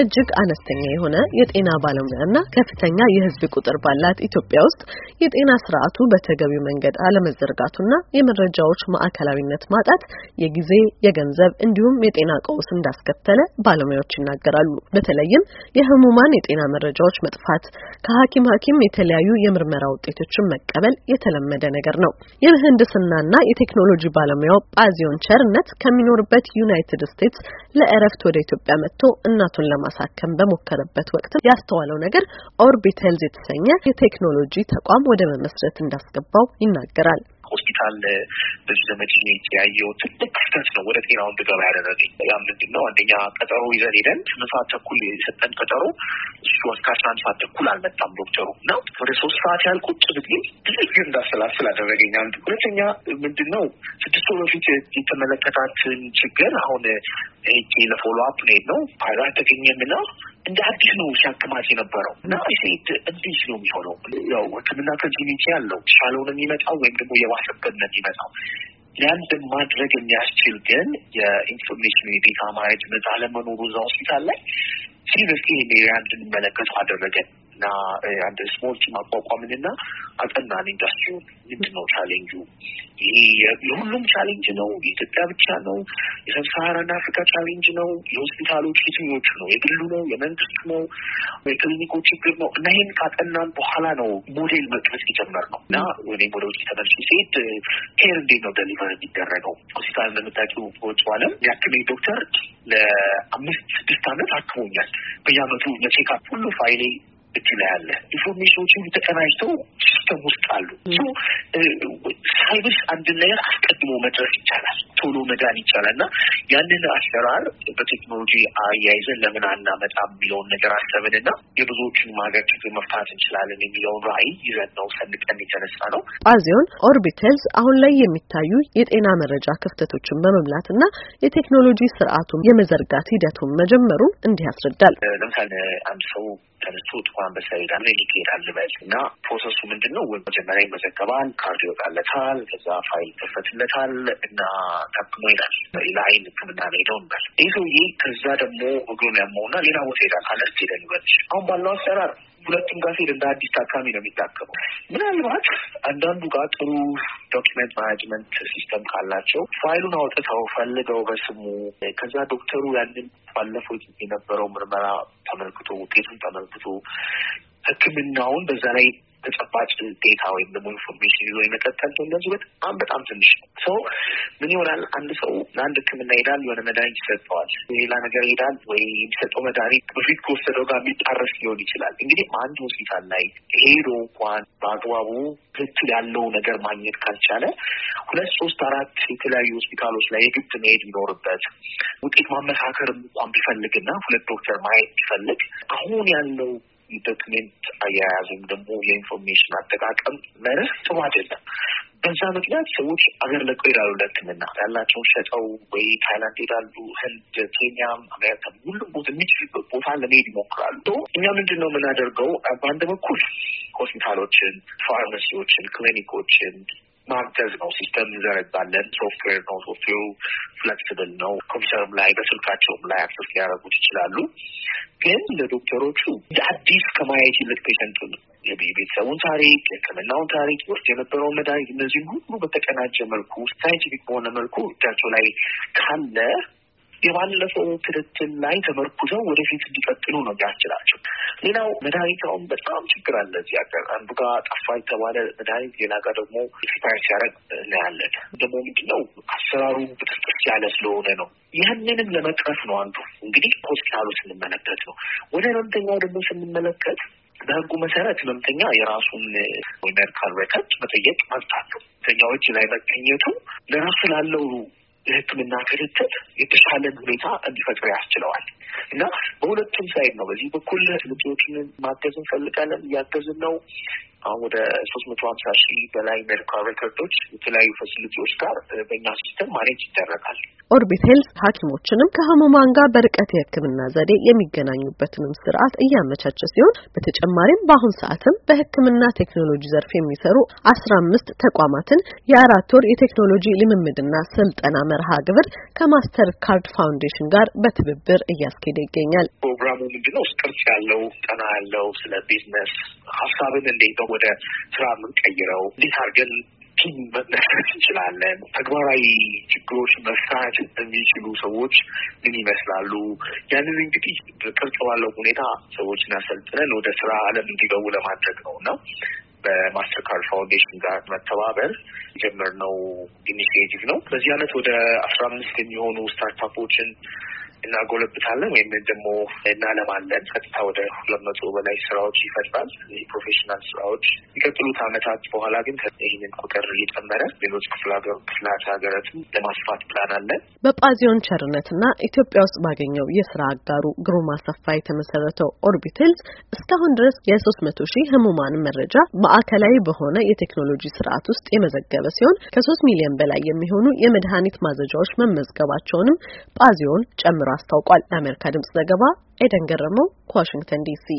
እጅግ አነስተኛ የሆነ የጤና ባለሙያና ከፍተኛ የህዝብ ቁጥር ባላት ኢትዮጵያ ውስጥ የጤና ስርዓቱ በተገቢው መንገድ አለመዘርጋቱና የመረጃዎች ማዕከላዊነት ማጣት የጊዜ፣ የገንዘብ እንዲሁም የጤና ቀውስ እንዳስከተለ ባለሙያዎች ይናገራሉ። በተለይም የህሙማን የጤና መረጃዎች መጥፋት፣ ከሐኪም ሐኪም የተለያዩ የምርመራ ውጤቶችን መቀበል የተለመደ ነገር ነው። የምህንድስናና የቴክኖሎጂ ባለሙያው ጳዚዮን ቸርነት ከሚኖርበት ዩናይትድ ስቴትስ ለእረፍት ወደ ኢትዮጵያ መጥቶ እናቱን ለማ ለማሳከም በሞከረበት ወቅት ያስተዋለው ነገር ኦርቢት ሄልዝ የተሰኘ የቴክኖሎጂ ተቋም ወደ መመስረት እንዳስገባው ይናገራል። ሆስፒታል በዚህ ዘመድ ያየው ትልቅ ክፍተት ነው ወደ ጤናው እንድገባ ያደረገኝ። ያ ምንድን ነው? አንደኛ ቀጠሮ ይዘን ሄደን ስምንት ሰዓት ተኩል የሰጠን ቀጠሮ እሱ እስከ አስራ አንድ ሰዓት ተኩል አልመጣም ዶክተሩ እና ወደ ሶስት ሰዓት ያህል ቁጭ ብዬ ብዙ ጊዜ እንዳሰላስል አደረገኝ። አንድ ሁለተኛ ምንድን ነው ስድስት ወር በፊት የተመለከታትን ችግር አሁን ሄጄ ለፎሎ አፕ ነው ነው ፓይሮ አልተገኘም እና እንደ አዲስ ነው ሲያክማት የነበረው እና ሴት እንዲስ ነው የሚሆነው። ያው ህክምና ከዚኒቲ ያለው ሻለውን የሚመጣው ወይም ደግሞ የባሰበት ነው የሚመጣው። ያንድ ማድረግ የሚያስችል ግን የኢንፎርሜሽን የዴታ ማየት አለመኖሩ እዛ ሆስፒታል ላይ ሲሪስሊ ይሄ እንድንመለከተው አደረገን። እና አንድ ስሞች ማቋቋምን ና አጠናን ኢንዱስትሪውን ምንድን ነው ቻሌንጁ? ይሄ የሁሉም ቻሌንጅ ነው? የኢትዮጵያ ብቻ ነው? የሰብሳሃራን አፍሪካ ቻሌንጅ ነው? የሆስፒታሎች የትኞቹ ነው? የግሉ ነው? የመንግስት ነው? የክሊኒኮ ችግር ነው? እና ይህን ካጠናን በኋላ ነው ሞዴል መቅረጽ የጀመር ነው እና ወይም ወደ ውጭ ተመልሶ ሴት ኬር እንዴት ነው ደሊቨር የሚደረገው? ሆስፒታል እንደምታውቂው በውጭ ዓለም የሚያክመኝ ዶክተር ለአምስት ስድስት አመት አክሞኛል። በየአመቱ ለቼካፕ ሁሉ ፋይሌ እጅ ላይ አለ። ኢንፎርሜሽኖች ሁሉ ተቀናጅተው ሲስተም ውስጥ አሉ። ሳይብስ አንድን ነገር አስቀድሞ መድረስ ይቻላል፣ ቶሎ መዳን ይቻላል እና ያንን አሰራር በቴክኖሎጂ አያይዘን ለምን አናመጣም የሚለውን ነገር አሰብን እና የብዙዎችን ሀገር ችግር መፍታት እንችላለን የሚለውን ራዕይ ይዘን ነው ሰንቀን የተነሳ ነው። አዚዮን ኦርቢተልስ አሁን ላይ የሚታዩ የጤና መረጃ ክፍተቶችን በመምላት እና የቴክኖሎጂ ስርዓቱን የመዘርጋት ሂደቱን መጀመሩን እንዲህ ያስረዳል። ለምሳሌ አንድ ሰው ተነስቶ ጥቁር አንበሳ ይሄዳል እና ይሄዳል ልበል እና ፕሮሰሱ ምንድን ነው? መጀመሪያ ይመዘገባል፣ ካርድ ይወጣለታል፣ ከዛ ፋይል ይከፈትለታል እና ታክሞ ይሄዳል። ለአይን ህክምና ሄደው እንበል ይህ ሰውዬ ከዛ ደግሞ እግሩን ያመውና ሌላ ቦታ ይሄዳል። አለርት ሄደ ልበል አሁን ባለው አሰራር ሁለቱም ጋር ሲሄድ እንደ አዲስ ታካሚ ነው የሚታከመው። ምናልባት አንዳንዱ ጋር ጥሩ ዶኪመንት ማናጅመንት ሲስተም ካላቸው ፋይሉን አውጥተው ፈልገው በስሙ ከዛ ዶክተሩ ያንን ባለፈው የነበረው ምርመራ ተመልክቶ ውጤቱን ተመልክቶ ሕክምናውን በዛ ላይ ተጨባጭ ዴታ ወይም ደግሞ ኢንፎርሜሽን ይዞ የመቀጠል እንደዚህ በጣም በጣም ትንሽ ነው። ሰው ምን ይሆናል? አንድ ሰው ለአንድ ሕክምና ሄዳል፣ የሆነ መድኃኒት ይሰጠዋል። ሌላ ነገር ሄዳል ወይ የሚሰጠው መድኃኒት በፊት ከወሰደው ጋር የሚጣረስ ሊሆን ይችላል። እንግዲህ አንድ ሆስፒታል ላይ ሄዶ እንኳን በአግባቡ ትክክል ያለው ነገር ማግኘት ካልቻለ ሁለት ሶስት አራት የተለያዩ ሆስፒታሎች ላይ የግድ መሄድ ቢኖርበት ውጤት ማመሳከርም እንኳን ቢፈልግና ሁለት ዶክተር ማየት ቢፈልግ አሁን ያለው ዶክሜንት አያያዙም ደግሞ የኢንፎርሜሽን አጠቃቀም መርህ ጥሩ አይደለም። በዛ ምክንያት ሰዎች አገር ለቀው ይላሉ ለሕክምና ያላቸውን ሸጠው ወይ ታይላንድ ይሄዳሉ፣ ህንድ፣ ኬንያም፣ አሜሪካ ሁሉም ቦታ የሚችሉበት ቦታ ለመሄድ ይሞክራሉ። እኛ ምንድን ነው የምናደርገው? በአንድ በኩል ሆስፒታሎችን፣ ፋርማሲዎችን፣ ክሊኒኮችን ማገዝ ነው። ሲስተም እንዘረጋለን። ሶፍትዌር ነው። ሶፍትዌሩ ፍለክስብል ነው። ኮምፒውተርም ላይ በስልካቸውም ላይ አክሰስ ሊያደርጉት ይችላሉ። ግን ለዶክተሮቹ አዲስ ከማየት ይልቅ ፔሸንት የቤተሰቡን ታሪክ፣ የሕክምናውን ታሪክ፣ ውስጥ የነበረውን መድኃኒት፣ እነዚህም ሁሉ በተቀናጀ መልኩ ሳይንቲፊክ በሆነ መልኩ እጃቸው ላይ ካለ የባለፈው ክትትል ላይ ተመርኩዘው ወደፊት እንዲቀጥሉ ነው የሚያስችላቸው። ሌላው መድኃኒት አሁን በጣም ችግር አለ እዚህ ሀገር። አንዱ ጋር ጠፋ የተባለ መድኃኒት ሌላ ጋር ደግሞ ኤክስፓየር ሲያደርግ እናያለን። ደግሞ ምንድነው አሰራሩ ብጥስጥስ ያለ ስለሆነ ነው። ይህንንም ለመቅረፍ ነው አንዱ እንግዲህ ሆስፒታሉ ስንመለከት ነው። ወደ ህመምተኛው ደግሞ ስንመለከት በህጉ መሰረት ህመምተኛ የራሱን ሜዲካል ሬከርድ መጠየቅ መብት አለው። ህመምተኛዎች ላይ መገኘቱ ለራሱ ላለው የሕክምና ክትትል የተሻለን ሁኔታ እንዲፈጥሩ ያስችለዋል እና በሁለቱም ሳይድ ነው። በዚህ በኩል ምጤዎችን ማገዝ እንፈልጋለን፣ እያገዝን ነው። አሁን ወደ ሶስት መቶ ሀምሳ ሺህ በላይ ሜዲካል ሬኮርዶች የተለያዩ ፋሲሊቲዎች ጋር በእኛ ሲስተም ማኔጅ ይደረጋል። ኦርቢት ሄልስ ሐኪሞችንም ከህሙማን ጋር በርቀት የህክምና ዘዴ የሚገናኙበትንም ስርዓት እያመቻቸ ሲሆን በተጨማሪም በአሁን ሰዓትም በህክምና ቴክኖሎጂ ዘርፍ የሚሰሩ አስራ አምስት ተቋማትን የአራት ወር የቴክኖሎጂ ልምምድና ስልጠና መርሃ ግብር ከማስተር ካርድ ፋውንዴሽን ጋር በትብብር እያስኬደ ይገኛል። ፕሮግራሙ ምንድነው? ቅርጽ ያለው ጠና ያለው ስለ ቢዝነስ ሀሳብን እንዴት ነው ወደ ስራ የምንቀይረው እንዴት አድርገን ቲም መስራት እንችላለን? ተግባራዊ ችግሮች መስራት የሚችሉ ሰዎች ምን ይመስላሉ? ያንን እንግዲህ ቅርጽ ባለው ሁኔታ ሰዎችን አሰልጥነን ወደ ስራ አለም እንዲገቡ ለማድረግ ነው እና በማስተር ፋውንዴሽን ጋር መተባበር የጀመርነው ኢኒሽቲቭ ነው። በዚህ አመት ወደ አስራ አምስት የሚሆኑ ስታርታፖችን እናጎለብታለን ወይም ደግሞ እናለማለን። ቀጥታ ወደ ሁለት መቶ በላይ ስራዎች ይፈጥራል። የፕሮፌሽናል ስራዎች የቀጥሉት አመታት በኋላ ግን ይህንን ቁጥር እየጨመረ ሌሎች ክፍላት ሀገራትን ለማስፋት ፕላን አለን። በጳዚዮን ቸርነትና ኢትዮጵያ ውስጥ ባገኘው የስራ አጋሩ ግሩም አሰፋ የተመሰረተው ኦርቢትልስ እስካሁን ድረስ የሶስት መቶ ሺህ ህሙማን መረጃ ማዕከላዊ በሆነ የቴክኖሎጂ ስርዓት ውስጥ የመዘገበ ሲሆን ከሶስት ሚሊዮን በላይ የሚሆኑ የመድኃኒት ማዘጃዎች መመዝገባቸውንም ጳዚዮን ጨምሯል። እንደሚጀምር አስታውቋል። ለአሜሪካ ድምጽ ዘገባ ኤደን ገረመው ከዋሽንግተን ዲሲ